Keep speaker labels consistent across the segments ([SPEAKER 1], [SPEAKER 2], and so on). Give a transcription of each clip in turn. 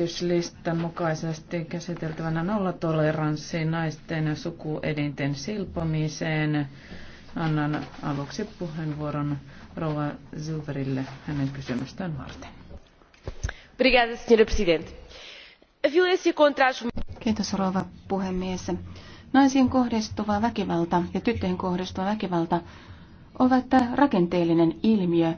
[SPEAKER 1] esityslistan mukaisesti käsiteltävänä nollatoleranssi naisten ja sukuelinten silpomiseen. Annan aluksi puheenvuoron Rova Zuberille hänen kysymystään varten.
[SPEAKER 2] Kiitos rouva puhemies. Naisiin kohdistuva väkivalta ja tyttöihin kohdistuva väkivalta ovat rakenteellinen ilmiö,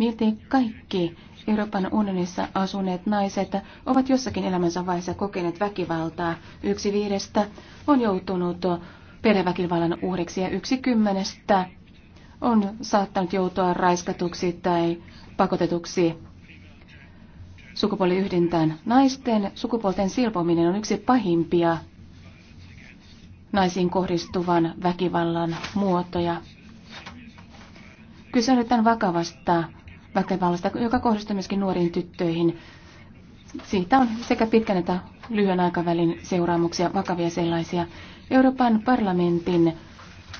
[SPEAKER 2] Miltei kaikki Euroopan unionissa asuneet naiset ovat jossakin elämänsä vaiheessa kokeneet väkivaltaa. Yksi viidestä on joutunut perheväkivallan uhriksi ja yksi kymmenestä on saattanut joutua raiskatuksi tai pakotetuksi sukupuoliyhdintään. Naisten sukupuolten silpominen on yksi pahimpia naisiin kohdistuvan väkivallan muotoja. Kyse on nyt tämän vakavasta väkivallasta, joka kohdistuu myöskin nuoriin tyttöihin. Siitä on sekä pitkän että lyhyen aikavälin seuraamuksia, vakavia sellaisia. Euroopan parlamentin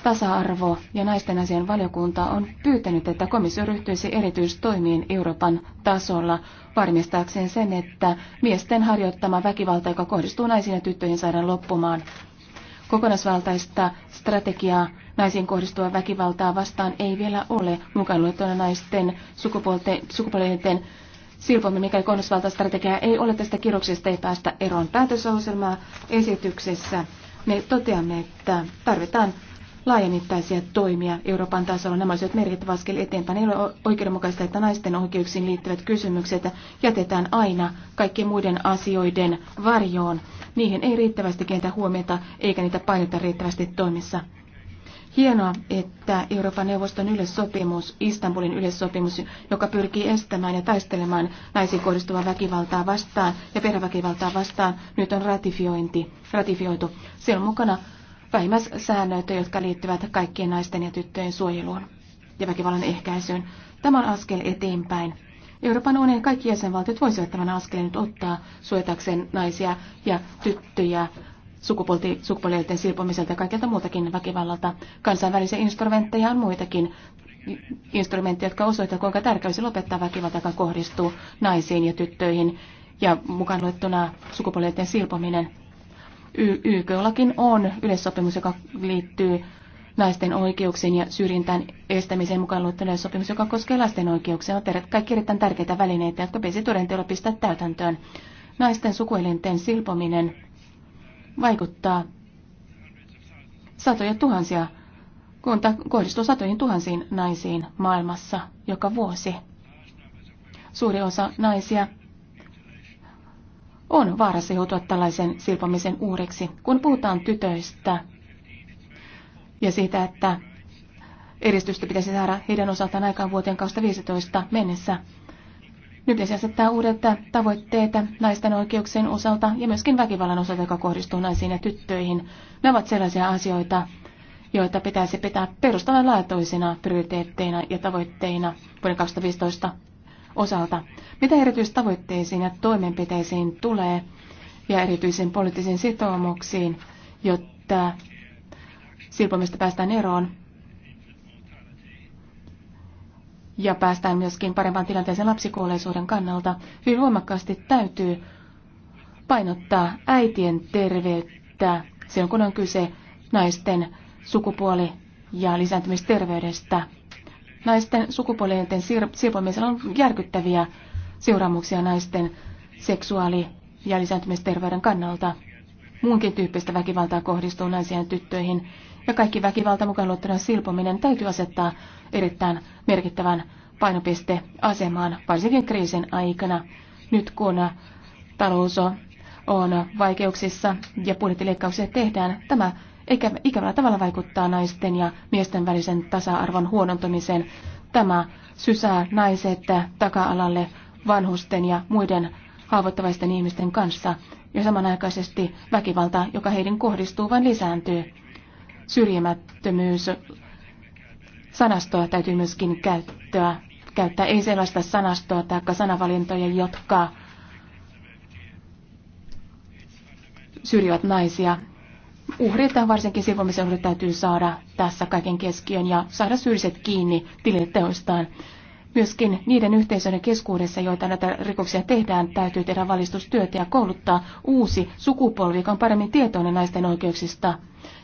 [SPEAKER 2] tasa-arvo ja naisten asian valiokunta on pyytänyt, että komissio ryhtyisi erityistoimiin Euroopan tasolla varmistaakseen sen, että miesten harjoittama väkivalta, joka kohdistuu naisiin ja tyttöihin, saadaan loppumaan. Kokonaisvaltaista strategiaa naisiin kohdistuva väkivaltaa vastaan ei vielä ole mukaan luettuna naisten sukupuolten silpominen, mikäli kohdistusvaltastrategiaa ei ole tästä kirjoksesta ei päästä eroon päätösohjelmaa esityksessä. Me toteamme, että tarvitaan laajamittaisia toimia Euroopan tasolla. Nämä olisivat merkittävä askel eteenpäin. Ei ole oikeudenmukaista, että naisten oikeuksiin liittyvät kysymykset jätetään aina kaikkien muiden asioiden varjoon. Niihin ei riittävästi kentä huomiota eikä niitä paineta riittävästi toimissa. Hienoa, että Euroopan neuvoston yleissopimus, Istanbulin yleissopimus, joka pyrkii estämään ja taistelemaan naisiin kohdistuvaa väkivaltaa vastaan ja perheväkivaltaa vastaan, nyt on ratifiointi, ratifioitu. Siellä on mukana vähimmäissäännöt, jotka liittyvät kaikkien naisten ja tyttöjen suojeluun ja väkivallan ehkäisyyn. Tämä on askel eteenpäin. Euroopan unionin kaikki jäsenvaltiot voisivat tämän askeleen nyt ottaa suojatakseen naisia ja tyttöjä sukupuolielten silpomiselta ja kaikilta muutakin väkivallalta. Kansainvälisiä instrumentteja on muitakin instrumentteja, jotka osoittavat, kuinka tärkeää lopettaa väkivalta, joka kohdistuu naisiin ja tyttöihin ja mukaan luettuna sukupuolielten silpominen. YKllakin on yleissopimus, joka liittyy naisten oikeuksien ja syrjintään estämiseen mukaan luettuna sopimus, joka koskee lasten oikeuksia. On kaikki erittäin tärkeitä välineitä, jotka pesi todenteolla pistää täytäntöön. Naisten sukuelinten silpominen vaikuttaa satoja tuhansia, kun kohdistuu satoihin tuhansiin naisiin maailmassa joka vuosi. Suuri osa naisia on vaarassa joutua tällaisen silpomisen uhriksi. Kun puhutaan tytöistä ja siitä, että edistystä pitäisi saada heidän osaltaan aikaan vuoteen 2015 mennessä, nyt esitetään asettaa uudet tavoitteet naisten oikeuksien osalta ja myöskin väkivallan osalta, joka kohdistuu naisiin ja tyttöihin. Ne ovat sellaisia asioita, joita pitäisi pitää perustavanlaatuisina prioriteetteina ja tavoitteina vuoden 2015 osalta. Mitä erityistavoitteisiin ja toimenpiteisiin tulee ja erityisiin poliittisiin sitoumuksiin, jotta silpomista päästään eroon, ja päästään myöskin parempaan tilanteeseen lapsikuolleisuuden kannalta, hyvin voimakkaasti täytyy painottaa äitien terveyttä silloin, kun on kyse naisten sukupuoli- ja lisääntymisterveydestä. Naisten sukupuolien siir- on järkyttäviä seuraamuksia naisten seksuaali- ja lisääntymisterveyden kannalta muunkin tyyppistä väkivaltaa kohdistuu naisiin ja tyttöihin. Ja kaikki väkivalta mukaan luettuna silpominen täytyy asettaa erittäin merkittävän painopisteasemaan, varsinkin kriisin aikana. Nyt kun talous on vaikeuksissa ja budjettileikkauksia tehdään, tämä ikävällä tavalla vaikuttaa naisten ja miesten välisen tasa-arvon huonontumiseen. Tämä sysää naiset taka-alalle vanhusten ja muiden haavoittavaisten ihmisten kanssa ja samanaikaisesti väkivalta, joka heidän kohdistuu, vain lisääntyy. Syrjimättömyys sanastoa täytyy myöskin käyttää. käyttää. Ei sellaista sanastoa tai sanavalintoja, jotka syrjivät naisia. Uhrit varsinkin silpomisen uhrit, täytyy saada tässä kaiken keskiön ja saada syrjiset kiinni tilille teoistaan. Myöskin niiden yhteisöiden keskuudessa, joita näitä rikoksia tehdään, täytyy tehdä valistustyötä ja kouluttaa uusi sukupolvi, joka on paremmin tietoinen naisten oikeuksista.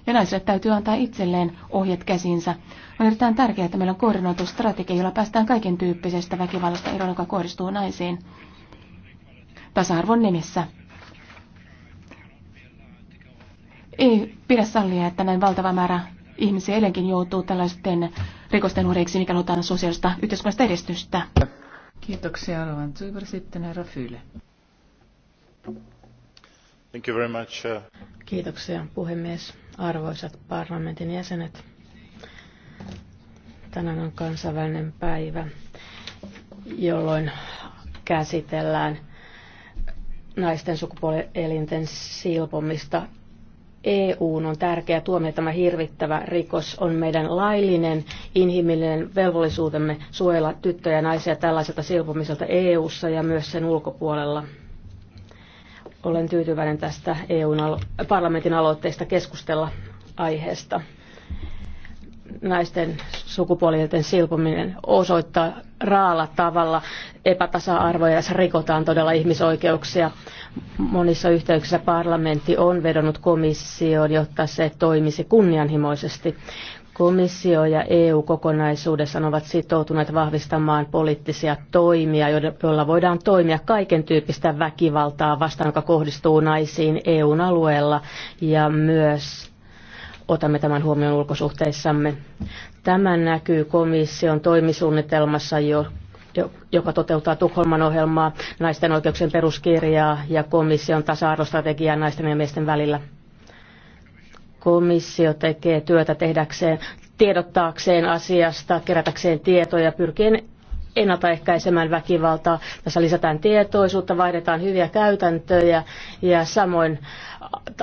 [SPEAKER 2] Ja naisille täytyy antaa itselleen ohjet käsinsä. On erittäin tärkeää, että meillä on koordinoitu strategia, jolla päästään kaiken tyyppisestä väkivallasta eroon, joka kohdistuu naisiin. Tasa-arvon nimissä. Ei pidä sallia, että näin valtava määrä ihmisiä edelleenkin joutuu tällaisten rikosten uhreiksi, mikä halutaan sosiaalista yhteiskunnallista
[SPEAKER 1] edistystä. Kiitoksia, Alvan Zyber. Sitten herra Fyle.
[SPEAKER 2] Thank you very much. Uh,
[SPEAKER 3] Kiitoksia, puhemies. Arvoisat parlamentin jäsenet. Tänään on kansainvälinen päivä, jolloin käsitellään naisten sukupuolielinten silpomista EU on tärkeää tuomio, tämä hirvittävä rikos. On meidän laillinen, inhimillinen velvollisuutemme suojella tyttöjä ja naisia tällaiselta silpomiselta EUssa ja myös sen ulkopuolella. Olen tyytyväinen tästä eu parlamentin aloitteesta keskustella aiheesta naisten sukupuolielinten silpominen osoittaa raalla tavalla epätasa-arvoja ja rikotaan todella ihmisoikeuksia. Monissa yhteyksissä parlamentti on vedonnut komissioon, jotta se toimisi kunnianhimoisesti. Komissio ja EU kokonaisuudessaan ovat sitoutuneet vahvistamaan poliittisia toimia, joilla voidaan toimia kaiken tyyppistä väkivaltaa vastaan, joka kohdistuu naisiin EUn alueella ja myös otamme tämän huomioon ulkosuhteissamme. Tämä näkyy komission toimisuunnitelmassa, jo joka toteuttaa Tukholman ohjelmaa, naisten oikeuksien peruskirjaa ja komission tasa-arvostrategiaa naisten ja miesten välillä. Komissio tekee työtä tehdäkseen, tiedottaakseen asiasta, kerätäkseen tietoja, pyrkien ennaltaehkäisemään väkivaltaa. Tässä lisätään tietoisuutta, vaihdetaan hyviä käytäntöjä ja samoin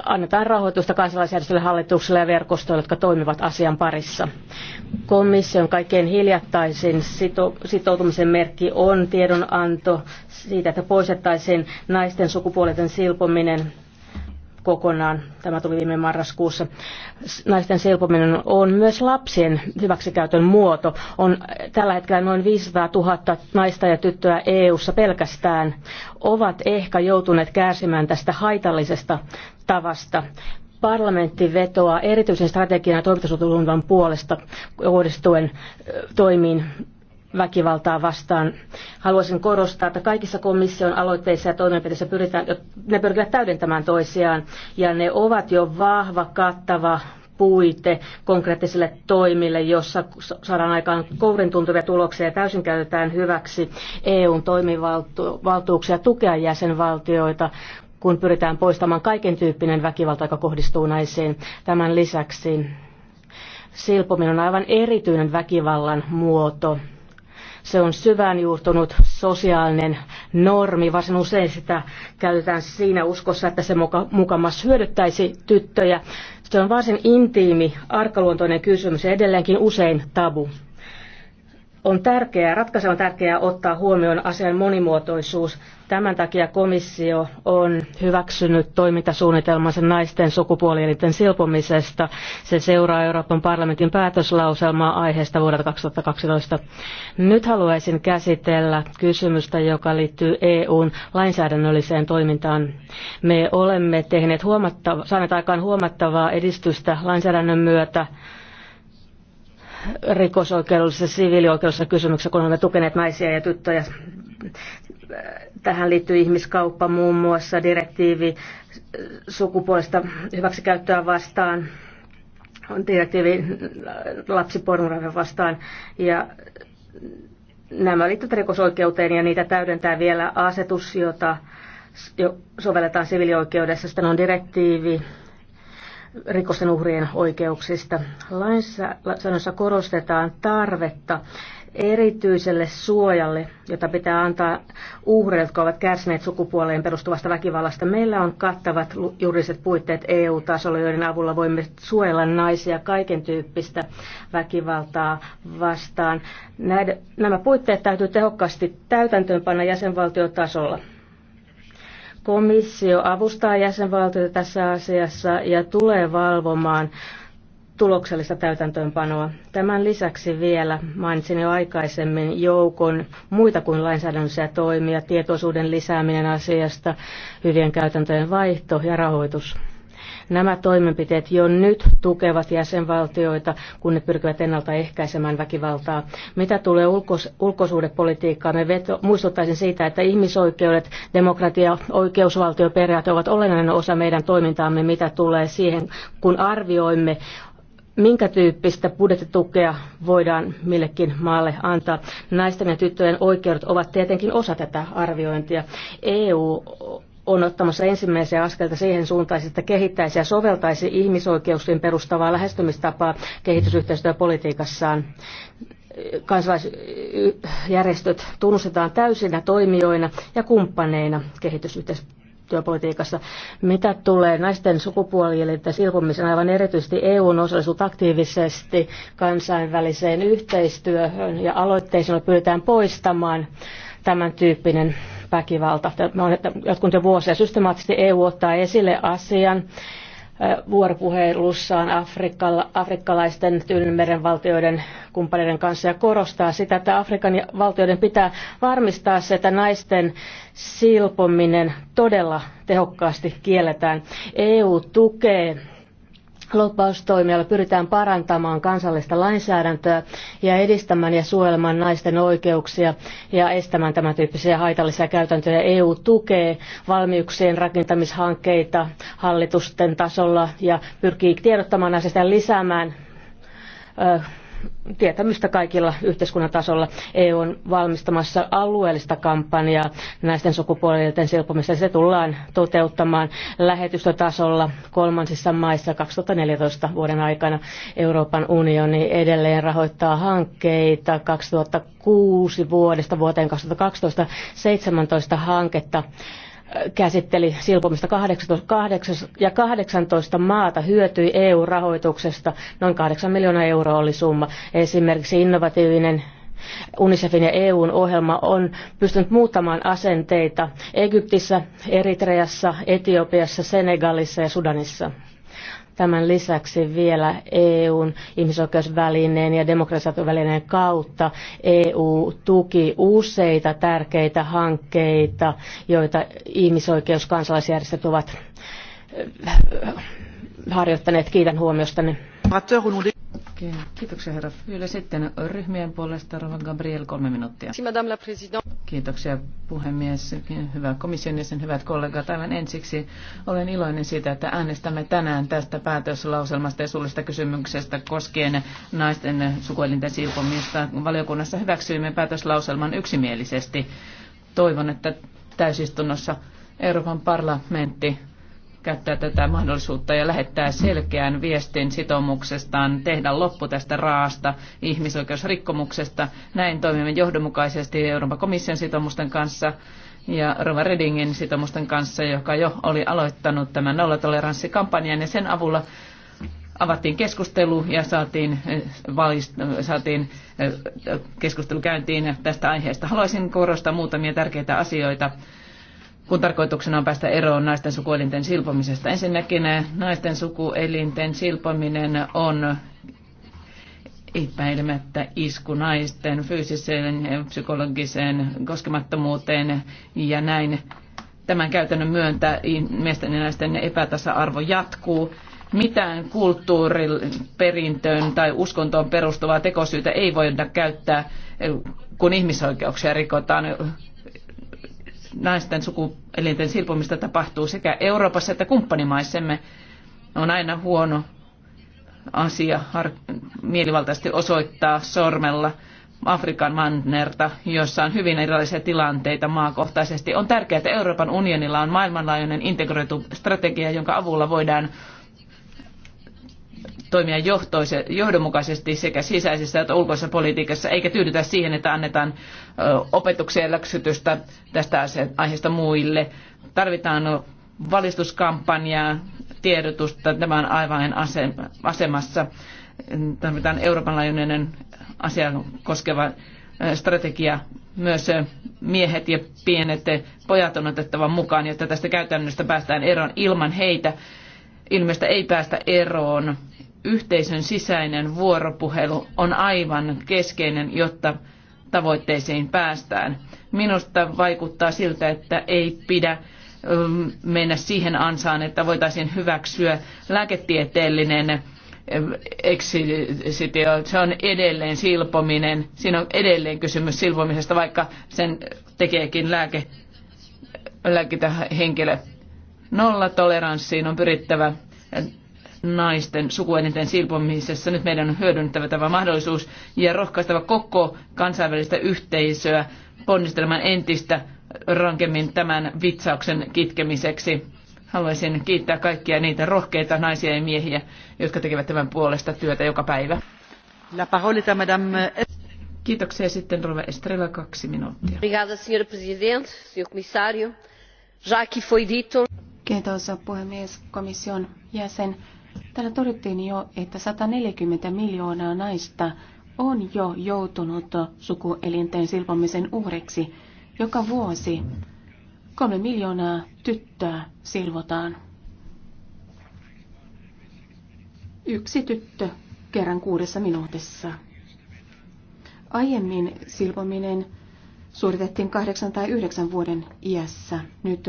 [SPEAKER 3] annetaan rahoitusta kansalaisjärjestöille, hallituksille ja verkostoille, jotka toimivat asian parissa. Komission kaikkein hiljattaisin sitoutumisen merkki on tiedonanto siitä, että poistettaisiin naisten sukupuolten silpominen kokonaan. Tämä tuli viime marraskuussa. Naisten silpominen on myös lapsien hyväksikäytön muoto. On tällä hetkellä noin 500 000 naista ja tyttöä EU-ssa pelkästään ovat ehkä joutuneet kärsimään tästä haitallisesta tavasta parlamentti vetoaa erityisen strategian ja toimintasuunnitelman puolesta kohdistuen toimiin väkivaltaa vastaan. Haluaisin korostaa, että kaikissa komission aloitteissa ja toimenpiteissä pyritään, ne pyritään täydentämään toisiaan ja ne ovat jo vahva, kattava puite konkreettisille toimille, jossa saadaan aikaan kourin tuntuvia tuloksia ja täysin käytetään hyväksi EUn toimivaltuuksia tukea jäsenvaltioita kun pyritään poistamaan kaiken tyyppinen väkivalta, joka kohdistuu naisiin. Tämän lisäksi silpominen on aivan erityinen väkivallan muoto, se on syvään juurtunut sosiaalinen normi. Varsin usein sitä käytetään siinä uskossa, että se muka, mukamas hyödyttäisi tyttöjä. Se on varsin intiimi, arkaluontoinen kysymys ja edelleenkin usein tabu on tärkeää, ratkaisevan tärkeää ottaa huomioon asian monimuotoisuus. Tämän takia komissio on hyväksynyt toimintasuunnitelmansa naisten sukupuolielinten silpomisesta. Se seuraa Euroopan parlamentin päätöslauselmaa aiheesta vuodelta 2012. Nyt haluaisin käsitellä kysymystä, joka liittyy EUn lainsäädännölliseen toimintaan. Me olemme tehneet huomattava, saaneet aikaan huomattavaa edistystä lainsäädännön myötä rikosoikeudellisessa siviilioikeudellisessa kysymyksessä, kun olemme tukeneet naisia ja tyttöjä. Tähän liittyy ihmiskauppa muun muassa, direktiivi sukupuolesta hyväksikäyttöä vastaan, on direktiivi lapsipornografia vastaan ja nämä liittyvät rikosoikeuteen ja niitä täydentää vielä asetus, jota sovelletaan siviilioikeudessa. Sitten on direktiivi rikosten uhrien oikeuksista. Lainsäädännössä korostetaan tarvetta erityiselle suojalle, jota pitää antaa uhreille, jotka ovat kärsineet sukupuoleen perustuvasta väkivallasta. Meillä on kattavat juridiset puitteet EU-tasolla, joiden avulla voimme suojella naisia kaiken tyyppistä väkivaltaa vastaan. Näiden, nämä puitteet täytyy tehokkaasti täytäntöönpanna jäsenvaltiotasolla. Komissio avustaa jäsenvaltioita tässä asiassa ja tulee valvomaan tuloksellista täytäntöönpanoa. Tämän lisäksi vielä mainitsin jo aikaisemmin joukon muita kuin lainsäädännöllisiä toimia, tietoisuuden lisääminen asiasta, hyvien käytäntöjen vaihto ja rahoitus. Nämä toimenpiteet jo nyt tukevat jäsenvaltioita, kun ne pyrkivät ennaltaehkäisemään väkivaltaa. Mitä tulee ulkos, ulkosuhdepolitiikkaan, me veto, muistuttaisin siitä, että ihmisoikeudet, demokratia, oikeusvaltioperiaate ovat olennainen osa meidän toimintaamme, mitä tulee siihen, kun arvioimme minkä tyyppistä budjettitukea voidaan millekin maalle antaa. Naisten ja tyttöjen oikeudet ovat tietenkin osa tätä arviointia. EU on ottamassa ensimmäisiä askelta siihen suuntaan, että kehittäisi ja soveltaisi ihmisoikeuksien perustavaa lähestymistapaa kehitysyhteistyöpolitiikassaan. Kansalaisjärjestöt tunnustetaan täysinä toimijoina ja kumppaneina kehitysyhteistyöpolitiikassa. työpolitiikassa. Mitä tulee naisten sukupuolielinten silpomisen, aivan erityisesti EUn osallisuus aktiivisesti kansainväliseen yhteistyöhön ja aloitteisiin pyritään poistamaan tämän tyyppinen väkivalta. Me on jotkut jo vuosia. Systemaattisesti EU ottaa esille asian vuoropuhelussaan Afrikalla, afrikkalaisten Tyynenmeren valtioiden kumppaneiden kanssa ja korostaa sitä, että Afrikan valtioiden pitää varmistaa se, että naisten silpominen todella tehokkaasti kielletään. EU tukee Lobbaustoimialla pyritään parantamaan kansallista lainsäädäntöä ja edistämään ja suojelemaan naisten oikeuksia ja estämään tämän tyyppisiä haitallisia käytäntöjä. EU tukee valmiuksien rakentamishankkeita hallitusten tasolla ja pyrkii tiedottamaan asiasta ja lisäämään tietämystä kaikilla yhteiskunnan tasolla. EU on valmistamassa alueellista kampanjaa naisten sukupuolten silpomista. Se tullaan toteuttamaan lähetystötasolla kolmansissa maissa 2014 vuoden aikana. Euroopan unioni edelleen rahoittaa hankkeita 2006 vuodesta vuoteen 2012 17 hanketta käsitteli silpomista 18, ja 18 maata hyötyi EU-rahoituksesta. Noin 8 miljoonaa euroa oli summa. Esimerkiksi innovatiivinen UNICEFin ja EUn ohjelma on pystynyt muuttamaan asenteita Egyptissä, Eritreassa, Etiopiassa, Senegalissa ja Sudanissa. Tämän lisäksi vielä EUn ihmisoikeusvälineen ja demokratisaatiovälineen kautta EU tuki useita tärkeitä hankkeita, joita ihmisoikeuskansalaisjärjestöt ovat äh, harjoittaneet. Kiitän huomiostanne.
[SPEAKER 1] Kiitoksia herra Fyyle. Sitten ryhmien puolesta Rova Gabriel kolme minuuttia. Kiitoksia puhemies, hyvä komission jäsen, hyvät kollegat. Aivan ensiksi olen iloinen siitä, että äänestämme tänään tästä päätöslauselmasta ja suullisesta kysymyksestä koskien naisten sukuelinten silpomista. Valiokunnassa hyväksyimme päätöslauselman yksimielisesti. Toivon, että täysistunnossa Euroopan parlamentti käyttää tätä mahdollisuutta ja lähettää selkeän viestin sitoumuksestaan tehdä loppu tästä raasta ihmisoikeusrikkomuksesta. Näin toimimme johdonmukaisesti Euroopan komission sitoumusten kanssa ja Rova Redingin sitoumusten kanssa, joka jo oli aloittanut tämän nollatoleranssikampanjan ja sen avulla avattiin keskustelu ja saatiin, eh, valist, saatiin eh, keskustelu käyntiin tästä aiheesta. Haluaisin korostaa muutamia tärkeitä asioita kun tarkoituksena on päästä eroon naisten sukuelinten silpomisesta. Ensinnäkin eh, naisten sukuelinten silpominen on epäilemättä isku naisten fyysiseen ja psykologiseen koskemattomuuteen ja näin. Tämän käytännön myöntä miesten ja naisten epätasa-arvo jatkuu. Mitään kulttuuriperintöön tai uskontoon perustuvaa tekosyytä ei voida käyttää, eh, kun ihmisoikeuksia rikotaan naisten sukuelinten silpomista tapahtuu sekä Euroopassa että kumppanimaisemme, on aina huono asia har- mielivaltaisesti osoittaa sormella Afrikan mannerta, jossa on hyvin erilaisia tilanteita maakohtaisesti. On tärkeää, että Euroopan unionilla on maailmanlaajuinen integroitu strategia, jonka avulla voidaan toimia johdonmukaisesti sekä sisäisessä että ulkoisessa politiikassa, eikä tyydytä siihen, että annetaan opetuksia ja läksytystä tästä aiheesta muille. Tarvitaan valistuskampanjaa, tiedotusta, tämä on aivan asemassa. Tarvitaan Euroopan laajuinen asia koskeva strategia. Myös miehet ja pienet pojat on otettava mukaan, jotta tästä käytännöstä päästään eroon ilman heitä ilmeistä ei päästä eroon yhteisön sisäinen vuoropuhelu on aivan keskeinen, jotta tavoitteisiin päästään. Minusta vaikuttaa siltä, että ei pidä mm, mennä siihen ansaan, että voitaisiin hyväksyä lääketieteellinen mm, exitio. Se on edelleen silpominen. Siinä on edelleen kysymys silpomisesta, vaikka sen tekeekin lääke, lääkintähenkilö. Nollatoleranssiin on pyrittävä naisten sukuelinten silpomisessa. Nyt meidän on hyödyntävä tämä mahdollisuus ja rohkaistava koko kansainvälistä yhteisöä ponnistelemaan entistä rankemmin tämän vitsauksen kitkemiseksi. Haluaisin kiittää kaikkia niitä rohkeita naisia ja miehiä, jotka tekevät tämän puolesta työtä joka päivä. La parole est à madame Kiitoksia sitten Rova Estrella kaksi minuuttia.
[SPEAKER 3] Obrigada, presidente, senhor comissário. Já foi dito.
[SPEAKER 2] Kiitos puhemies, komission jäsen. Täällä todettiin jo, että 140 miljoonaa naista on jo joutunut sukuelinten silpomisen uhreksi. Joka vuosi kolme miljoonaa tyttöä silvotaan. Yksi tyttö kerran kuudessa minuutissa. Aiemmin silpominen suoritettiin kahdeksan tai yhdeksän vuoden iässä. Nyt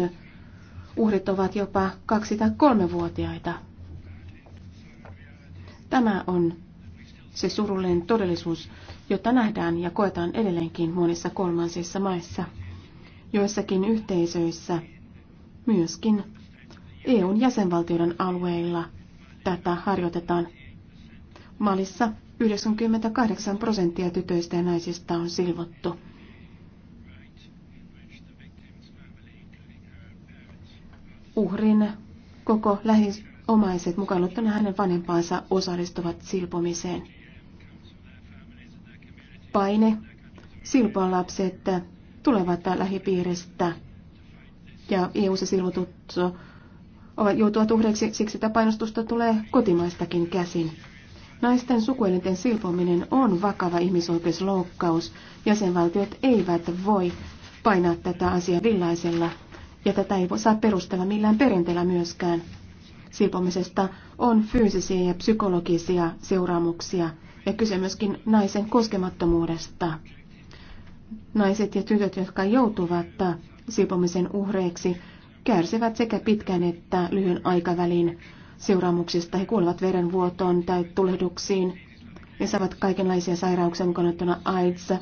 [SPEAKER 2] uhrit ovat jopa kaksi tai vuotiaita. Tämä on se surullinen todellisuus, jota nähdään ja koetaan edelleenkin monissa kolmansissa maissa. Joissakin yhteisöissä, myöskin EUn jäsenvaltioiden alueilla, tätä harjoitetaan. Malissa 98 prosenttia tytöistä ja naisista on silvottu. Uhrin koko lähi omaiset, mukaan luettuna hänen vanhempaansa osallistuvat silpomiseen. Paine silpoa lapset tulevat lähipiiristä ja EU-ssa silvotut ovat joutuvat uhreiksi siksi, että painostusta tulee kotimaistakin käsin. Naisten sukuelinten silpominen on vakava ihmisoikeusloukkaus. Jäsenvaltiot eivät voi painaa tätä asiaa villaisella, ja tätä ei saa perustella millään perinteellä myöskään silpomisesta on fyysisiä ja psykologisia seuraamuksia ja kyse myöskin naisen koskemattomuudesta. Naiset ja tytöt, jotka joutuvat silpomisen uhreiksi, kärsivät sekä pitkän että lyhyen aikavälin seuraamuksista. He kuolevat verenvuotoon tai tulehduksiin ja saavat kaikenlaisia sairauksia mukaan AIDS.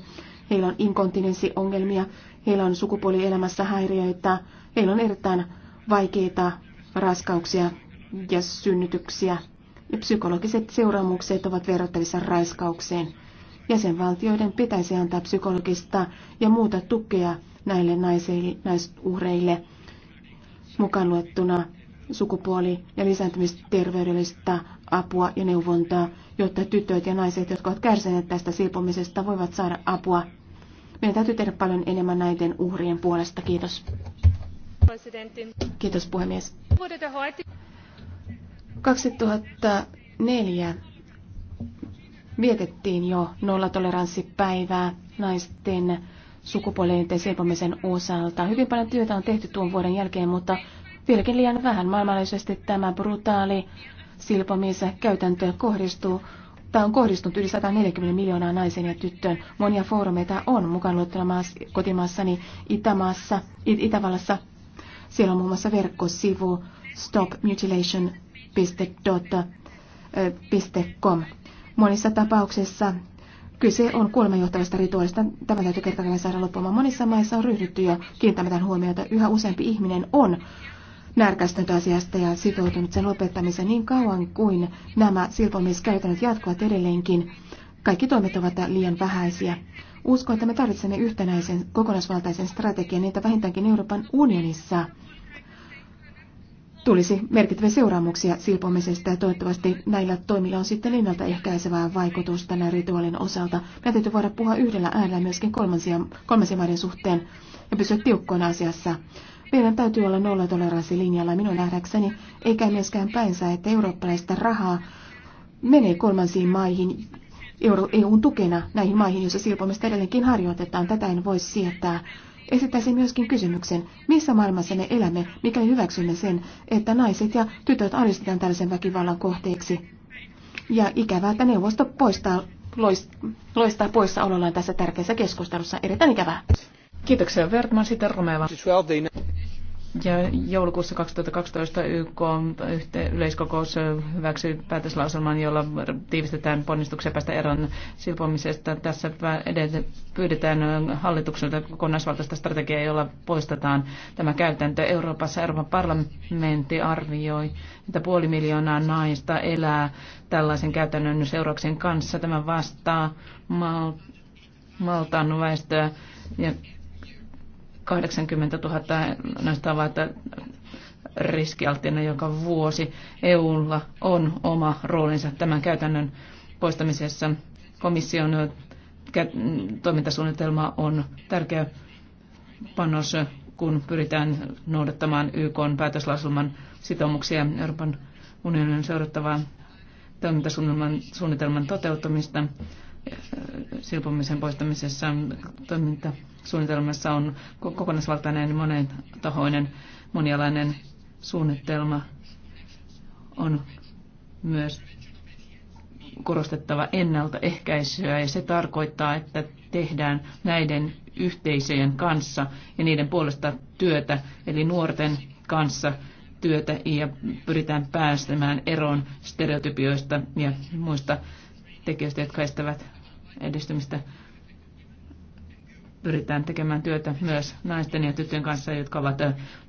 [SPEAKER 2] Heillä on inkontinenssiongelmia, heillä on sukupuolielämässä häiriöitä, heillä on erittäin vaikeita raskauksia ja synnytyksiä. Ja psykologiset seuraamukset ovat verrattavissa raiskaukseen. Jäsenvaltioiden pitäisi antaa psykologista ja muuta tukea näille naisille, naisuhreille mukaan luettuna sukupuoli- ja lisääntymisterveydellistä apua ja neuvontaa, jotta tytöt ja naiset, jotka ovat kärsineet tästä silpomisesta, voivat saada apua. Meidän täytyy tehdä paljon enemmän näiden uhrien puolesta. Kiitos. Kiitos puhemies. 2004 vietettiin jo nollatoleranssipäivää naisten sukupuolielinten silpomisen osalta. Hyvin paljon työtä on tehty tuon vuoden jälkeen, mutta vieläkin liian vähän maailmanlaajuisesti tämä brutaali silpomisen käytäntö kohdistuu Tämä on kohdistunut yli 140 miljoonaa naisen ja tyttöön. Monia foorumeita on mukaan luettuna kotimaassani Itämaassa, It- Itävallassa. Siellä on muun muassa verkkosivu Stop Mutilation www.dot.com. Monissa tapauksissa kyse on kuolemanjohtavasta rituaalista. Tämä täytyy kertakaan saada loppumaan. Monissa maissa on ryhdytty jo kiinnittämään huomiota. Yhä useampi ihminen on närkästynyt asiasta ja sitoutunut sen lopettamiseen niin kauan kuin nämä silpomiskäytännöt jatkuvat edelleenkin. Kaikki toimet ovat liian vähäisiä. Uskon, että me tarvitsemme yhtenäisen kokonaisvaltaisen strategian, niitä vähintäänkin Euroopan unionissa tulisi merkittäviä seuraamuksia silpomisesta ja toivottavasti näillä toimilla on sitten ehkäisevää vaikutusta tänä rituaalin osalta. Meidän täytyy voida puhua yhdellä äänellä myöskin kolmansia kolmansia maiden suhteen ja pysyä tiukkoina asiassa. Meidän täytyy olla nollatoleranssi linjalla minun nähdäkseni, eikä myöskään päinsä, että eurooppalaista rahaa menee kolmansiin maihin EUn tukena näihin maihin, joissa silpomista edelleenkin harjoitetaan. Tätä en voi sietää. Esittäisin myöskin kysymyksen, missä maailmassa me elämme, mikä hyväksymme sen, että naiset ja tytöt alistetaan tällaisen väkivallan kohteeksi. Ja ikävää, että neuvosto poistaa, loistaa poissaolollaan tässä tärkeässä keskustelussa. Erittäin ikävää.
[SPEAKER 1] Kiitoksia Vertman, sitten Romeva. Ja joulukuussa 2012 YK yleiskokous hyväksyi päätöslauselman, jolla tiivistetään ponnistuksia päästä eron silpomisesta. Tässä pyydetään hallitukselta kokonaisvaltaista strategiaa, jolla poistetaan tämä käytäntö. Euroopassa Euroopan parlamentti arvioi, että puoli miljoonaa naista elää tällaisen käytännön seurauksen kanssa. Tämä vastaa Mal- Maltan väestöä ja 80 000 näistä ovat riskialttiina joka vuosi. EUlla on oma roolinsa tämän käytännön poistamisessa. Komission toimintasuunnitelma on tärkeä panos, kun pyritään noudattamaan YK päätöslauselman sitoumuksia Euroopan unionin seurattavaa toimintasuunnitelman toteuttamista silpomisen poistamisessa toimintasuunnitelmassa on kokonaisvaltainen monen tahoinen monialainen suunnitelma on myös korostettava ennaltaehkäisyä ja se tarkoittaa, että tehdään näiden yhteisöjen kanssa ja niiden puolesta työtä, eli nuorten kanssa työtä ja pyritään päästämään eroon stereotypioista ja muista tekijöistä, jotka estävät edistymistä. Pyritään tekemään työtä myös naisten ja tyttöjen kanssa, jotka ovat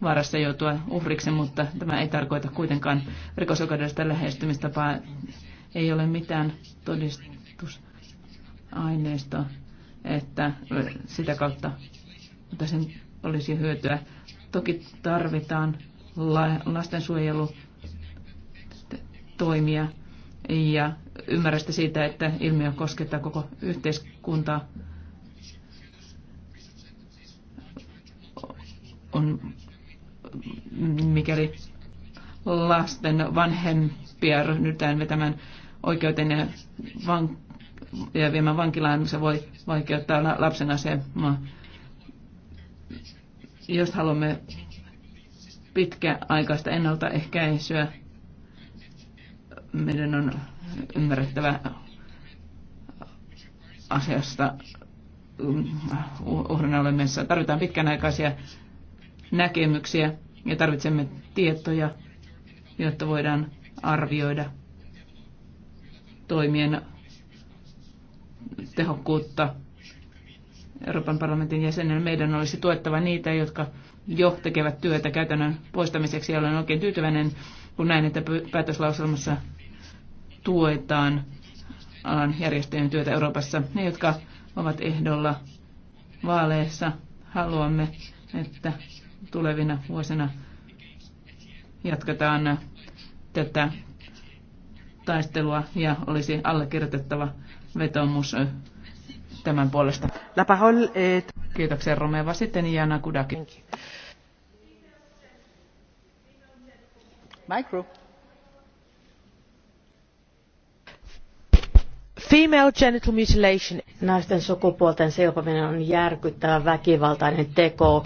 [SPEAKER 1] vaarassa joutua uhriksi, mutta tämä ei tarkoita kuitenkaan rikosoikeudellista lähestymistapaa. Ei ole mitään todistusaineistoa, että sitä kautta mutta sen olisi hyötyä. Toki tarvitaan lastensuojelu toimia ja ymmärrystä siitä, että ilmiö koskettaa koko yhteiskuntaa. On, mikäli lasten vanhempia ryhdytään vetämään oikeuteen ja, van, ja viemään vankilaan, se voi vaikeuttaa lapsen asemaa. Jos haluamme pitkäaikaista ennaltaehkäisyä, meidän on ymmärrettävä asiasta uhrina olemassa. Tarvitaan pitkänaikaisia näkemyksiä ja tarvitsemme tietoja, jotta voidaan arvioida toimien tehokkuutta. Euroopan parlamentin jäsenen meidän olisi tuettava niitä, jotka jo tekevät työtä käytännön poistamiseksi. Olen oikein tyytyväinen, kun näin, että päätöslauselmassa tuetaan alan järjestöjen työtä Euroopassa. Ne, jotka ovat ehdolla vaaleissa, haluamme, että tulevina vuosina jatketaan tätä taistelua ja olisi allekirjoitettava vetomus tämän puolesta. Kiitoksia Romeva. Sitten Jana Kudakin. Micro.
[SPEAKER 3] Female genital mutilation. Naisten sukupuolten silpominen on järkyttävä väkivaltainen teko,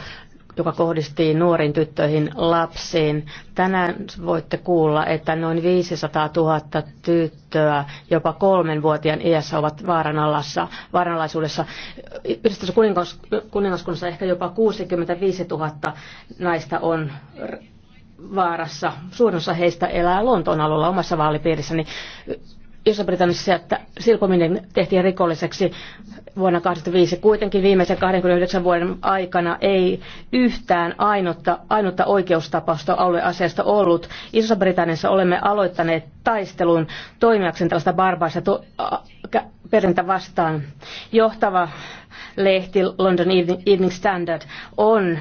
[SPEAKER 3] joka kohdistii nuoriin tyttöihin lapsiin. Tänään voitte kuulla, että noin 500 000 tyttöä jopa kolmen vuotiaan iässä ovat vaaranalassa, vaaranalaisuudessa. Yhdistyssä kuningas, kuningaskunnassa ehkä jopa 65 000 naista on vaarassa. Suurin osa heistä elää Lontoon alueella omassa vaalipiirissäni. Iso-Britannissa että silpominen tehtiin rikolliseksi vuonna 2005. Kuitenkin viimeisen 29 vuoden aikana ei yhtään ainutta, ainutta oikeustapausta alueasiasta ollut. Iso-Britanniassa olemme aloittaneet taistelun toimijaksen tällaista barbaista to- perintä vastaan. Johtava lehti London Evening Standard on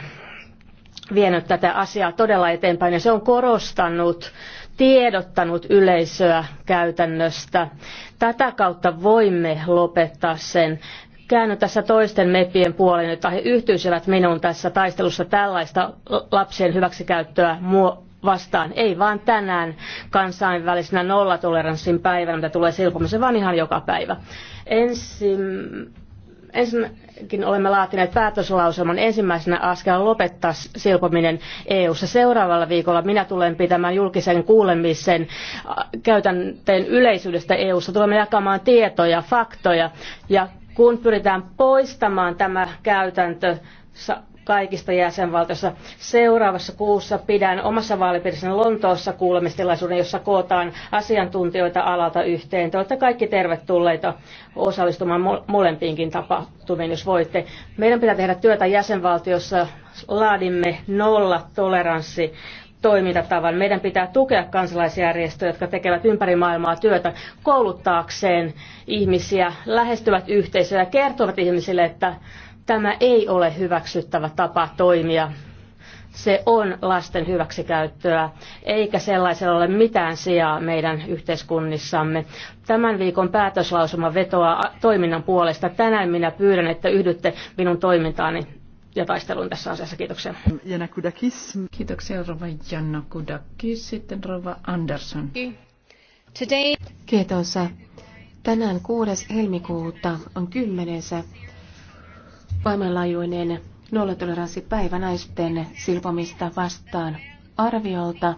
[SPEAKER 3] vienyt tätä asiaa todella eteenpäin ja se on korostanut äh, tiedottanut yleisöä käytännöstä. Tätä kautta voimme lopettaa sen. Käänny tässä toisten mepien puoleen, että he yhtyisivät minun tässä taistelussa tällaista lapsien hyväksikäyttöä vastaan. Ei vaan tänään kansainvälisenä nollatoleranssin päivänä, mitä tulee silpomisen, vaan ihan joka päivä. Ensin ensinnäkin olemme laatineet päätöslauselman ensimmäisenä askella lopettaa silpominen EU-ssa. Seuraavalla viikolla minä tulen pitämään julkisen kuulemisen käytänteen yleisyydestä EU-ssa. Tulemme jakamaan tietoja, faktoja ja kun pyritään poistamaan tämä käytäntö, kaikista jäsenvaltioista. Seuraavassa kuussa pidän omassa vaalipiirissäni Lontoossa kuulemistilaisuuden, jossa kootaan asiantuntijoita alalta yhteen. Te olette kaikki tervetulleita osallistumaan molempiinkin tapahtumiin, jos voitte. Meidän pitää tehdä työtä jäsenvaltiossa. Laadimme nolla toleranssi toimintatavan. Meidän pitää tukea kansalaisjärjestöjä, jotka tekevät ympäri maailmaa työtä kouluttaakseen ihmisiä, lähestyvät yhteisöjä ja kertovat ihmisille, että Tämä ei ole hyväksyttävä tapa toimia. Se on lasten hyväksikäyttöä, eikä sellaisella ole mitään sijaa meidän yhteiskunnissamme. Tämän viikon päätöslausuma vetoaa toiminnan puolesta. Tänään minä pyydän, että yhdytte minun toimintaani ja taisteluun tässä asiassa. Kiitoksia.
[SPEAKER 1] Jana Kudakis. Kiitoksia Rova Janna Kudakis. Sitten Rova Andersson. Kiitos.
[SPEAKER 2] Tänään 6. helmikuuta on kymmenensä maailmanlaajuinen nollatoleranssipäivä naisten silpomista vastaan. Arviolta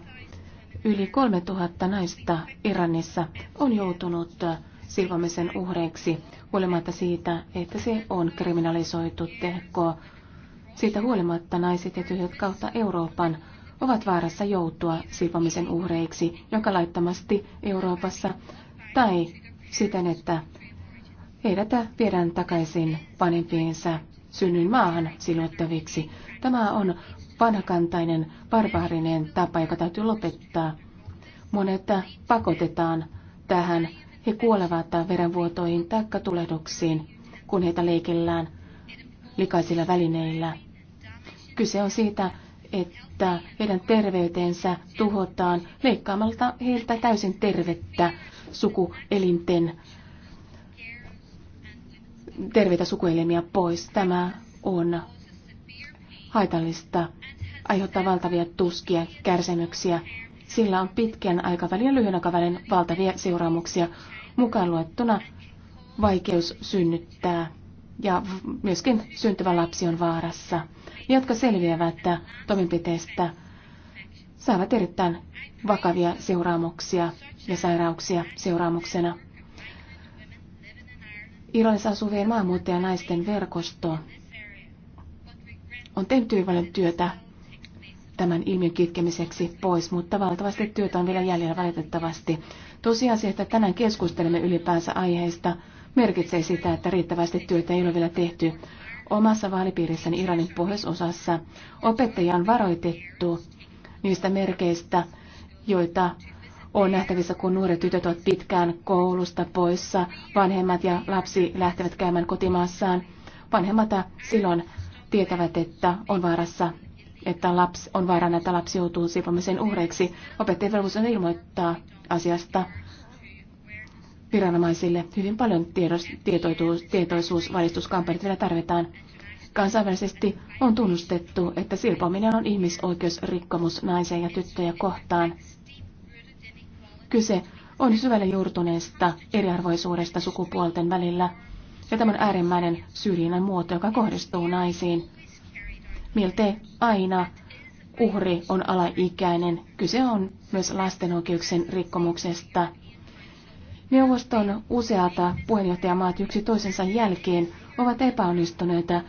[SPEAKER 2] yli 3000 naista Iranissa on joutunut silpomisen uhreiksi huolimatta siitä, että se on kriminalisoitu teko. Siitä huolimatta naiset ja tyhjät kautta Euroopan ovat vaarassa joutua silpomisen uhreiksi, joka laittomasti Euroopassa tai siten, että heidät viedään takaisin vanhempiinsa synnyin maahan silottaviksi. Tämä on vanhakantainen, barbaarinen tapa, joka täytyy lopettaa. Monet pakotetaan tähän. He kuolevat verenvuotoihin tai tulehduksiin, kun heitä leikellään likaisilla välineillä. Kyse on siitä, että heidän terveytensä tuhotaan leikkaamalta heiltä täysin tervettä sukuelinten terveitä sukuelimiä pois. Tämä on haitallista, aiheuttaa valtavia tuskia, kärsimyksiä. Sillä on pitkän aikavälin ja lyhyen aikavälin valtavia seuraamuksia mukaan luettuna vaikeus synnyttää ja myöskin syntyvä lapsi on vaarassa. Ne, jotka selviävät toimenpiteestä, saavat erittäin vakavia seuraamuksia ja sairauksia seuraamuksena. Irlannissa asuvien maahanmuuttajanaisten verkosto on tehnyt hyvin paljon työtä tämän ilmiön kitkemiseksi pois, mutta valtavasti työtä on vielä jäljellä valitettavasti. Tosiasia, että tänään keskustelemme ylipäänsä aiheesta, merkitsee sitä, että riittävästi työtä ei ole vielä tehty. Omassa vaalipiirissäni Iranin pohjoisosassa opettajia on varoitettu niistä merkeistä, joita on nähtävissä, kun nuoret tytöt ovat pitkään koulusta poissa, vanhemmat ja lapsi lähtevät käymään kotimaassaan. Vanhemmat silloin tietävät, että on vaarassa, että lapsi on vaarana, että lapsi joutuu silpomisen uhreiksi. Opettajan velvollisuus on ilmoittaa asiasta viranomaisille. Hyvin paljon tiedos, tietoisuus, tietoisuusvalistuskampanjat vielä tarvitaan. Kansainvälisesti on tunnustettu, että silpominen on ihmisoikeusrikkomus naisen ja tyttöjä kohtaan. Kyse on syvälle juurtuneesta eriarvoisuudesta sukupuolten välillä, ja tämä on äärimmäinen syrjinnän muoto, joka kohdistuu naisiin. Miltei aina uhri on alaikäinen. Kyse on myös lasten oikeuksien rikkomuksesta. Neuvoston useata puheenjohtajamaat yksi toisensa jälkeen ovat epäonnistuneita,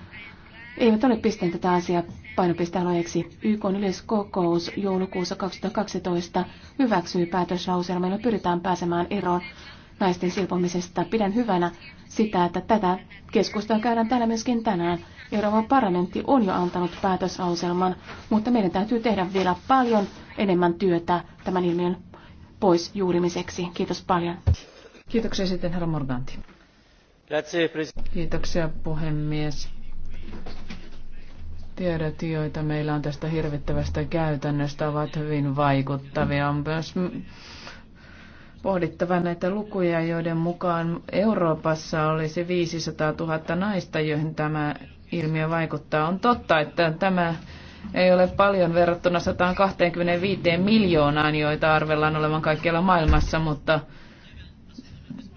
[SPEAKER 2] eivät ole pistäneet tätä asiaa painopistealueeksi YK yleiskokous joulukuussa 2012 hyväksyi päätöslauselman, jolla pyritään pääsemään eroon naisten silpomisesta. Pidän hyvänä sitä, että tätä keskustelua käydään täällä myöskin tänään. Euroopan parlamentti on jo antanut päätöslauselman, mutta meidän täytyy tehdä vielä paljon enemmän työtä tämän ilmiön pois juurimiseksi. Kiitos paljon. Kiitoksia sitten herra
[SPEAKER 1] Morganti. Kiitoksia puhemies. Tiedot, joita meillä on tästä hirvittävästä käytännöstä, ovat hyvin vaikuttavia. On myös pohdittava näitä lukuja, joiden mukaan Euroopassa olisi 500 000 naista, joihin tämä ilmiö vaikuttaa. On totta, että tämä ei ole paljon verrattuna 125 miljoonaan, joita arvellaan olevan kaikkialla maailmassa, mutta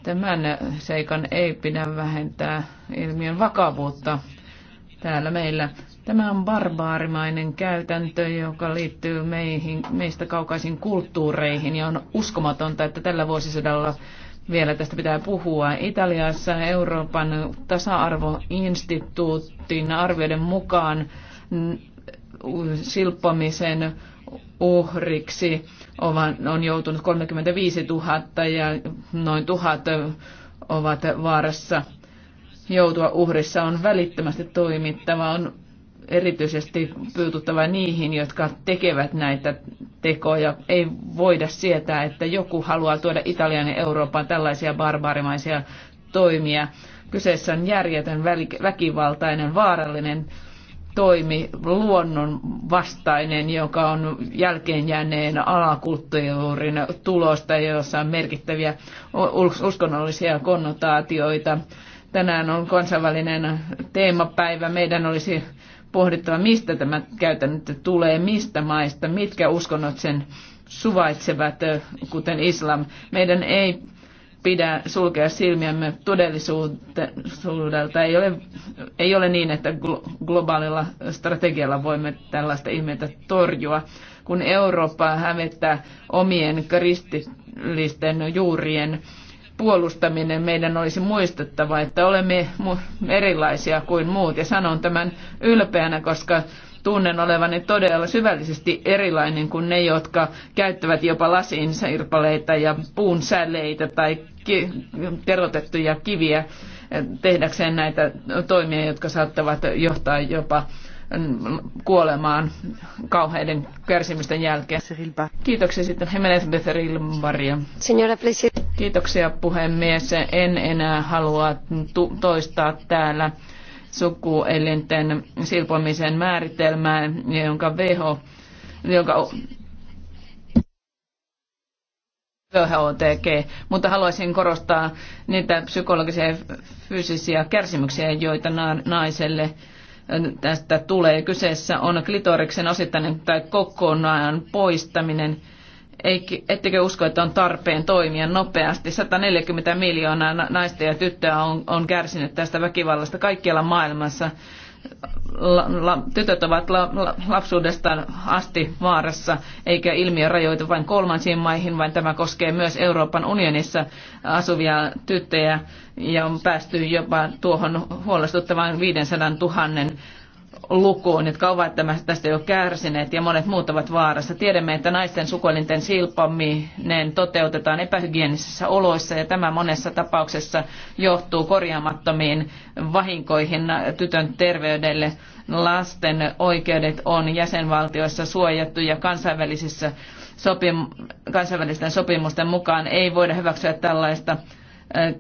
[SPEAKER 1] tämän seikan ei pidä vähentää ilmiön vakavuutta täällä meillä. Tämä on barbaarimainen käytäntö, joka liittyy meihin, meistä kaukaisiin kulttuureihin ja on uskomatonta, että tällä vuosisadalla vielä tästä pitää puhua. Italiassa Euroopan tasa arvoinstituuttiin arvioiden mukaan silppamisen uhriksi on joutunut 35 000 ja noin tuhat ovat vaarassa joutua uhrissa. On välittömästi toimittava, on erityisesti puututtava niihin, jotka tekevät näitä tekoja. Ei voida sietää, että joku haluaa tuoda Italian ja Eurooppaan tällaisia barbaarimaisia toimia. Kyseessä on järjetön, väkivaltainen, vaarallinen toimi, luonnon vastainen, joka on jälkeenjääneen alakulttuurin tulosta, jossa on merkittäviä uskonnollisia konnotaatioita. Tänään on kansainvälinen teemapäivä. Meidän olisi pohdittava, mistä tämä käytännössä tulee, mistä maista, mitkä uskonnot sen suvaitsevat, kuten islam. Meidän ei pidä sulkea silmiämme todellisuudelta. Ei ole, ei ole niin, että globaalilla strategialla voimme tällaista ilmiötä torjua. Kun Eurooppa hävettää omien kristillisten juurien puolustaminen meidän olisi muistettava, että olemme erilaisia kuin muut. Ja sanon tämän ylpeänä, koska tunnen olevani todella syvällisesti erilainen kuin ne, jotka käyttävät jopa lasin sirpaleita ja puun säleitä tai ki- terotettuja kiviä eh, tehdäkseen näitä toimia, jotka saattavat johtaa jopa kuolemaan kauheiden kärsimysten jälkeen. Kiitoksia sitten Jimenez Becerrilbaria. Kiitoksia puhemies. En enää halua toistaa täällä sukuelinten silpomisen määritelmää, jonka WHO, jonka VHOTG, mutta haluaisin korostaa niitä psykologisia ja fyysisiä kärsimyksiä, joita naiselle tästä tulee. Kyseessä on klitoriksen osittainen tai kokonaan poistaminen. Ettekö usko, että on tarpeen toimia nopeasti? 140 miljoonaa naista ja tyttöä on, on kärsinyt tästä väkivallasta kaikkialla maailmassa la, la, tytöt ovat la, la, lapsuudestaan asti vaarassa, eikä ilmiö rajoitu vain kolmansiin maihin, vaan tämä koskee myös Euroopan unionissa asuvia tyttöjä ja on päästy jopa tuohon huolestuttavaan 500 000 lukuun, jotka ovat tästä jo kärsineet ja monet muut ovat vaarassa. Tiedämme, että naisten sukuelinten silpaminen toteutetaan epähygienisissä oloissa ja tämä monessa tapauksessa johtuu korjaamattomiin vahinkoihin tytön terveydelle. Lasten oikeudet on jäsenvaltioissa suojattu ja kansainvälisissä sopim- kansainvälisten sopimusten mukaan ei voida hyväksyä tällaista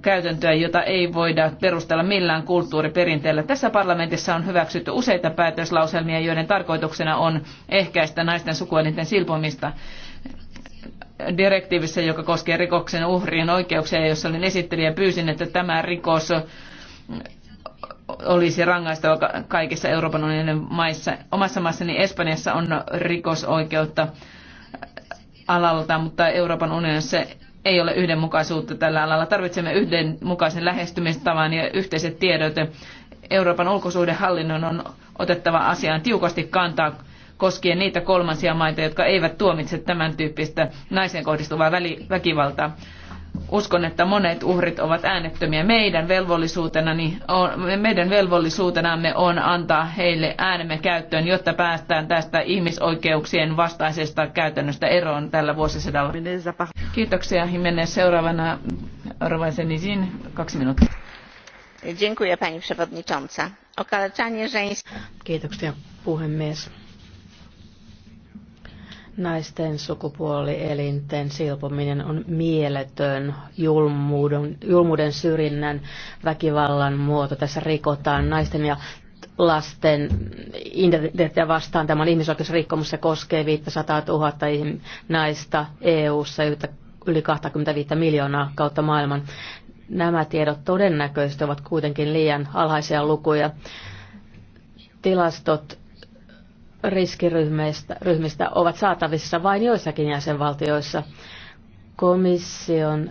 [SPEAKER 1] käytäntöä, jota ei voida perustella millään kulttuuriperinteellä. Tässä parlamentissa on hyväksytty useita päätöslauselmia, joiden tarkoituksena on ehkäistä naisten sukuelinten silpomista direktiivissä, joka koskee rikoksen uhrien oikeuksia, jossa olin esittelijä, pyysin, että tämä rikos olisi rangaistava kaikissa Euroopan unionin maissa. Omassa maassani Espanjassa on rikosoikeutta alalta, mutta Euroopan unionissa ei ole yhdenmukaisuutta tällä alalla. Tarvitsemme yhdenmukaisen lähestymistavan ja yhteiset tiedot. Euroopan ulkosuhdehallinnon on otettava asiaan tiukasti kantaa koskien niitä kolmansia maita, jotka eivät tuomitse tämän tyyppistä naiseen kohdistuvaa väkivaltaa. Uskon, että monet uhrit ovat äänettömiä. Meidän, velvollisuutena, on, meidän velvollisuutenamme on antaa heille äänemme käyttöön, jotta päästään tästä ihmisoikeuksien vastaisesta käytännöstä eroon tällä vuosisadalla. Kiitoksia. Jimenez seuraavana Arvaisenisin kaksi minuuttia.
[SPEAKER 3] Dziękuję pani przewodnicząca. żeńskie. Kiitoksia puhemies Naisten sukupuolielinten silpominen on mieletön julmuuden, julmuuden syrjinnän väkivallan muoto. Tässä rikotaan naisten ja lasten identiteettiä vastaan. Tämä on ihmisoikeusrikkomus, se koskee 500 000 naista EU-ssa yli 25 miljoonaa kautta maailman. Nämä tiedot todennäköisesti ovat kuitenkin liian alhaisia lukuja. Tilastot riskiryhmistä ryhmistä ovat saatavissa vain joissakin jäsenvaltioissa. Komission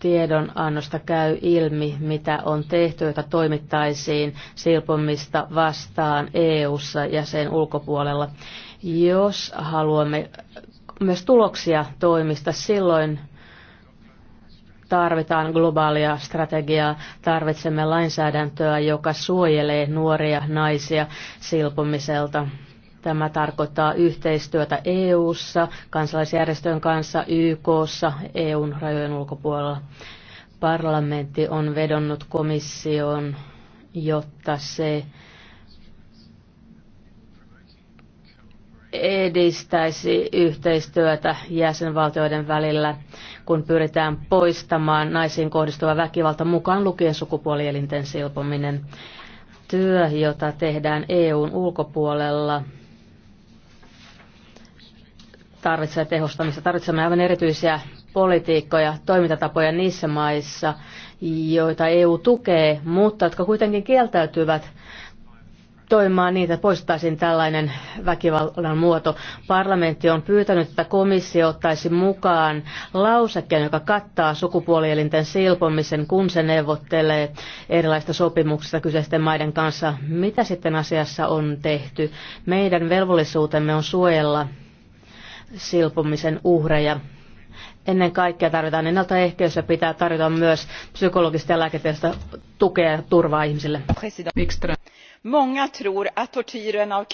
[SPEAKER 3] tiedonannosta käy ilmi, mitä on tehty, jota toimittaisiin silpomista vastaan EU-ssa ja sen ulkopuolella. Jos haluamme myös tuloksia toimista, silloin tarvitaan globaalia strategiaa, tarvitsemme lainsäädäntöä, joka suojelee nuoria naisia silpomiselta. Tämä tarkoittaa yhteistyötä EU-ssa, kansalaisjärjestöjen kanssa, YK-ssa, EUn rajojen ulkopuolella. Parlamentti on vedonnut komissioon, jotta se edistäisi yhteistyötä jäsenvaltioiden välillä kun pyritään poistamaan naisiin kohdistuva väkivalta mukaan lukien sukupuolielinten silpominen. Työ, jota tehdään EUn ulkopuolella, tarvitsee tehostamista. Tarvitsemme aivan erityisiä politiikkoja, toimintatapoja niissä maissa, joita EU tukee, mutta jotka kuitenkin kieltäytyvät toimimaan niin, että poistaisiin tällainen väkivallan muoto. Parlamentti on pyytänyt, että komissio ottaisi mukaan lausekkeen, joka kattaa sukupuolielinten silpomisen, kun se neuvottelee erilaista sopimuksista kyseisten maiden kanssa. Mitä sitten asiassa on tehty? Meidän velvollisuutemme on suojella silpomisen uhreja. Ennen kaikkea tarvitaan ennaltaehkäisyä, pitää tarjota myös psykologista ja lääketieteellistä tukea ja turvaa ihmisille. President.
[SPEAKER 1] Många tror att tortyren av...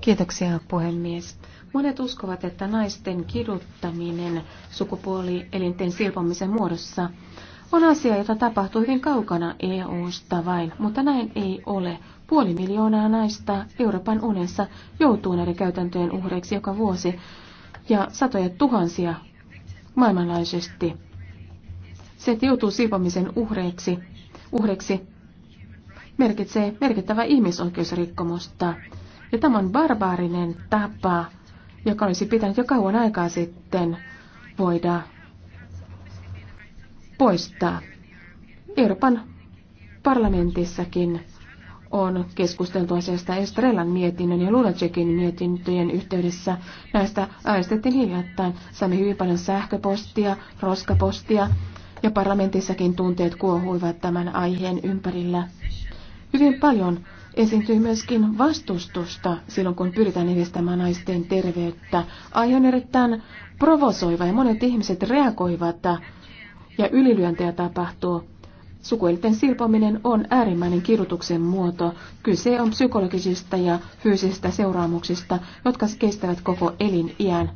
[SPEAKER 2] Kiitoksia puhemies. Monet uskovat, että naisten kiduttaminen sukupuolielinten silpomisen muodossa on asia, jota tapahtuu hyvin kaukana EU-sta vain, mutta näin ei ole. Puoli miljoonaa naista Euroopan unessa joutuu näiden käytäntöjen uhreiksi joka vuosi ja satoja tuhansia maailmanlaajuisesti. Se, että joutuu silpomisen uhreiksi, uhreiksi merkitsee merkittävä ihmisoikeusrikkomusta. Ja tämä on barbaarinen tapa, joka olisi pitänyt jo kauan aikaa sitten voida poistaa. Euroopan parlamentissakin on keskusteltu asiasta Estrellan mietinnön ja Lulacekin mietintöjen yhteydessä. Näistä äänestettiin hiljattain. Saimme hyvin paljon sähköpostia, roskapostia ja parlamentissakin tunteet kuohuivat tämän aiheen ympärillä. Hyvin paljon esiintyy myöskin vastustusta silloin, kun pyritään edistämään naisten terveyttä. Aihe on erittäin provosoiva ja monet ihmiset reagoivat ja ylilyöntejä tapahtuu. Sukuelten silpominen on äärimmäinen kirjoituksen muoto. Kyse on psykologisista ja fyysisistä seuraamuksista, jotka kestävät koko iän.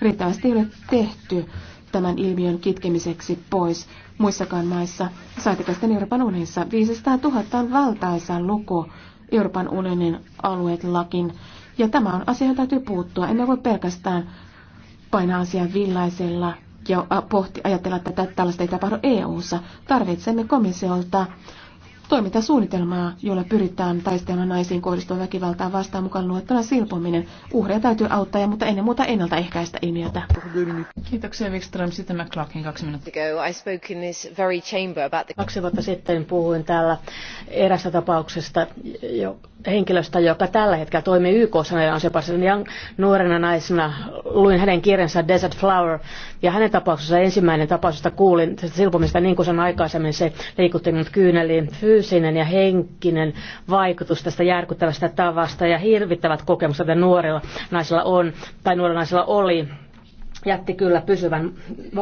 [SPEAKER 2] Riittävästi ei ole tehty tämän ilmiön kitkemiseksi pois muissakaan maissa, saatika sitten Euroopan unionissa. 500 000 on valtaisa luku Euroopan unionin alueellakin, ja tämä on asia, jota täytyy puuttua. Emme voi pelkästään painaa asiaa villaisella ja pohti, ajatella, että tällaista ei tapahdu EU-ssa. Tarvitsemme komissiolta toimintasuunnitelmaa, jolla pyritään taistelemaan naisiin kohdistuvan väkivaltaa vastaan mukaan luettuna silpominen. Uhreja täytyy auttaa, ja mutta ennen muuta ennaltaehkäistä
[SPEAKER 1] ilmiötä. Kiitoksia Wikström. Sitten McClarkin kaksi minuuttia.
[SPEAKER 3] Kaksi vuotta sitten puhuin täällä erästä tapauksesta, jo henkilöstä, joka tällä hetkellä toimii YK sanellaan niin Sebastian Young. Nuorena naisena luin hänen kirjansa Desert Flower, ja hänen tapauksensa ensimmäinen tapaus, josta kuulin tästä silpomista, niin kuin sen aikaisemmin, se liikutti minut kyyneliin. Fyysinen ja henkinen vaikutus tästä järkyttävästä tavasta ja hirvittävät kokemukset, että nuorilla naisilla on, tai nuorilla naisilla oli jätti kyllä pysyvän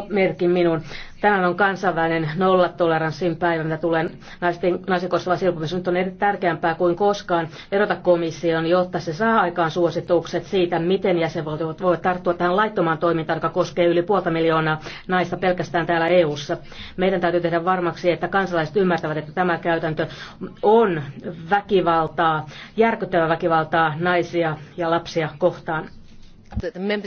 [SPEAKER 3] merkin minun. Tänään on kansainvälinen nollatoleranssin päivä, mitä tulee naisten, naisen koskeva silpomis. Nyt on tärkeämpää kuin koskaan erota komission, jotta se saa aikaan suositukset siitä, miten jäsenvaltiot voivat tarttua tähän laittomaan toimintaan, joka koskee yli puolta miljoonaa naista pelkästään täällä EU-ssa. Meidän täytyy tehdä varmaksi, että kansalaiset ymmärtävät, että tämä käytäntö on väkivaltaa, järkyttävää väkivaltaa naisia ja lapsia kohtaan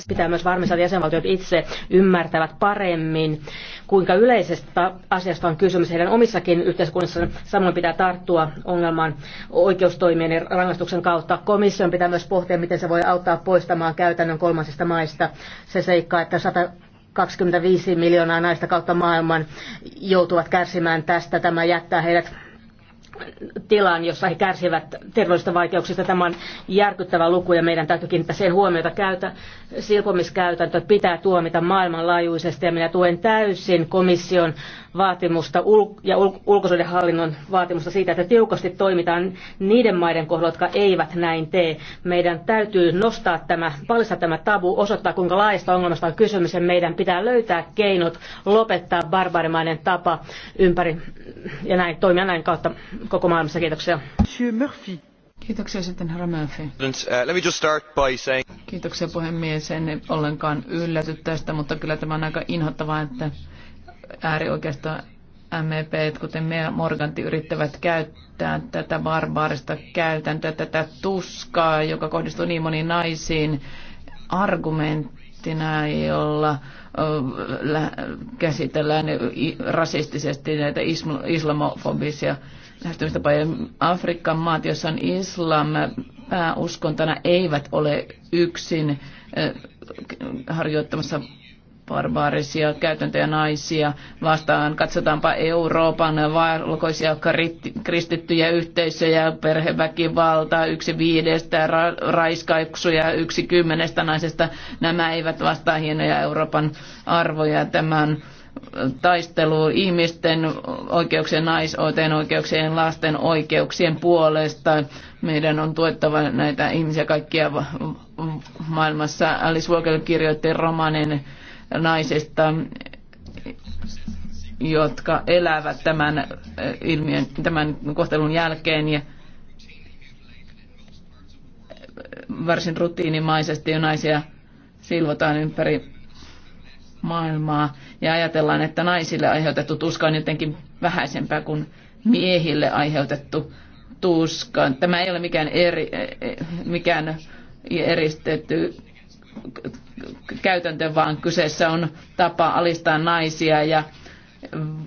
[SPEAKER 3] Pitää myös varmistaa, että jäsenvaltiot itse ymmärtävät paremmin, kuinka yleisestä asiasta on kysymys heidän omissakin yhteiskunnissaan. Samoin pitää tarttua ongelman oikeustoimien ja rangaistuksen kautta. Komission pitää myös pohtia, miten se voi auttaa poistamaan käytännön kolmansista maista se seikka, että 100 25 miljoonaa naista kautta maailman joutuvat kärsimään tästä. Tämä jättää heidät tilaan, jossa he kärsivät terveellisistä vaikeuksista. Tämä on järkyttävä luku ja meidän täytyy kiinnittää sen huomiota. Käytä, silpomiskäytäntö pitää tuomita maailmanlaajuisesti ja minä tuen täysin komission vaatimusta ja ulkosuhdehallinnon vaatimusta siitä, että tiukasti toimitaan niiden maiden kohdalla, jotka eivät näin tee. Meidän täytyy nostaa tämä, paljastaa tämä tabu, osoittaa kuinka laajasta ongelmasta on kysymys ja meidän pitää löytää keinot lopettaa barbarimainen tapa ympäri ja näin toimia näin kautta koko maailmassa. Kiitoksia.
[SPEAKER 1] Kiitoksia sitten herra
[SPEAKER 3] Murphy. Uh,
[SPEAKER 2] let me just start by saying...
[SPEAKER 3] Kiitoksia puhemies. En ollenkaan
[SPEAKER 1] ylläty tästä, mutta kyllä tämä on aika inhottavaa, että äärioikeista MEP, kuten me Morganti, yrittävät käyttää tätä barbaarista käytäntöä, tätä tuskaa, joka kohdistuu niin moniin naisiin, argumenttina, jolla käsitellään rasistisesti näitä islamofobisia lähestymistapoja. Afrikan maat, joissa on islam pääuskontana, eivät ole yksin harjoittamassa barbaarisia käytäntöjä naisia vastaan. Katsotaanpa Euroopan valkoisia kristittyjä yhteisöjä, perheväkivalta, yksi viidestä ra- raiskaiksuja, yksi kymmenestä naisesta. Nämä eivät vastaa hienoja Euroopan arvoja. Tämän taistelu ihmisten oikeuksien, naisoiteen oikeuksien, lasten oikeuksien puolesta. Meidän on tuettava näitä ihmisiä kaikkia maailmassa. Alice Walker kirjoitti romaanin naisista, jotka elävät tämän äh, ilmiön, tämän kohtelun jälkeen ja varsin rutiinimaisesti jo naisia silvotaan ympäri maailmaa ja ajatellaan, että naisille aiheutettu tuska on jotenkin vähäisempää kuin miehille aiheutettu tuska. Tämä ei ole mikään, eri, äh, äh, mikään eristetty käytäntö, vaan kyseessä on tapa alistaa naisia ja,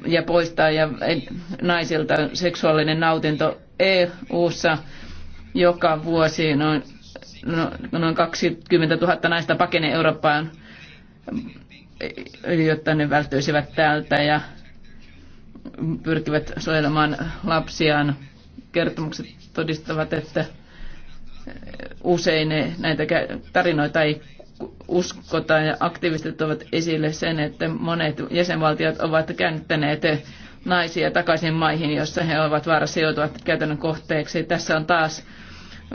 [SPEAKER 1] ja poistaa ja, eh, naisilta seksuaalinen nautinto EU-ssa joka vuosi noin, no, noin 20 000 naista pakenee Eurooppaan, eh, jotta ne välttyisivät täältä ja pyrkivät suojelemaan lapsiaan. Kertomukset todistavat, että eh, usein näitä tarinoita ei uskotaan ja aktivistit ovat esille sen, että monet jäsenvaltiot ovat käännyttäneet naisia takaisin maihin, jossa he ovat vaarassa joutua käytännön kohteeksi. Tässä on taas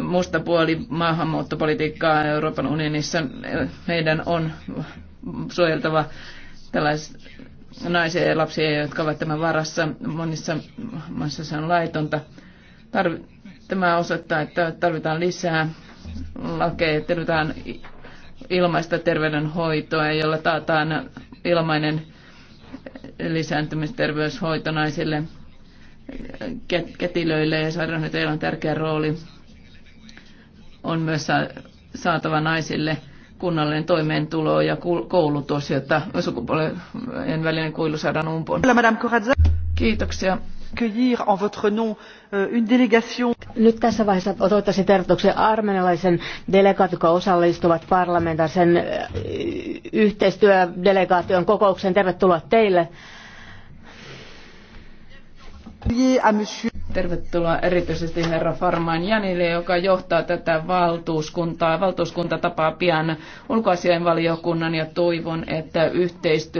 [SPEAKER 1] musta puoli maahanmuuttopolitiikkaa Euroopan unionissa. Meidän on suojeltava tällaisia naisia ja lapsia, jotka ovat tämän varassa. Monissa maissa se on laitonta. Tarvi, tämä osoittaa, että tarvitaan lisää lakeja, tarvitaan ilmaista terveydenhoitoa, jolla taataan ilmainen lisääntymisterveyshoito naisille, kätilöille ja sairaanhoitajilla on tärkeä rooli. On myös saatava naisille kunnallinen toimeentulo ja koulutus, jotta sukupuolen välinen kuilu saadaan umpoon.
[SPEAKER 3] Kiitoksia cueillir en votre nom euh, une délégation. Nyt tässä vaiheessa otettaisiin tervetuloksi armenialaisen delegaatio, joka osallistuvat parlamentaarisen yhteistyödelegaation kokoukseen. Tervetuloa teille.
[SPEAKER 1] Tervetuloa erityisesti herra Farman Janille, joka johtaa tätä valtuuskuntaa. Valtuuskunta tapaa pian ulkoasiainvaliokunnan ja toivon, että yhteistyö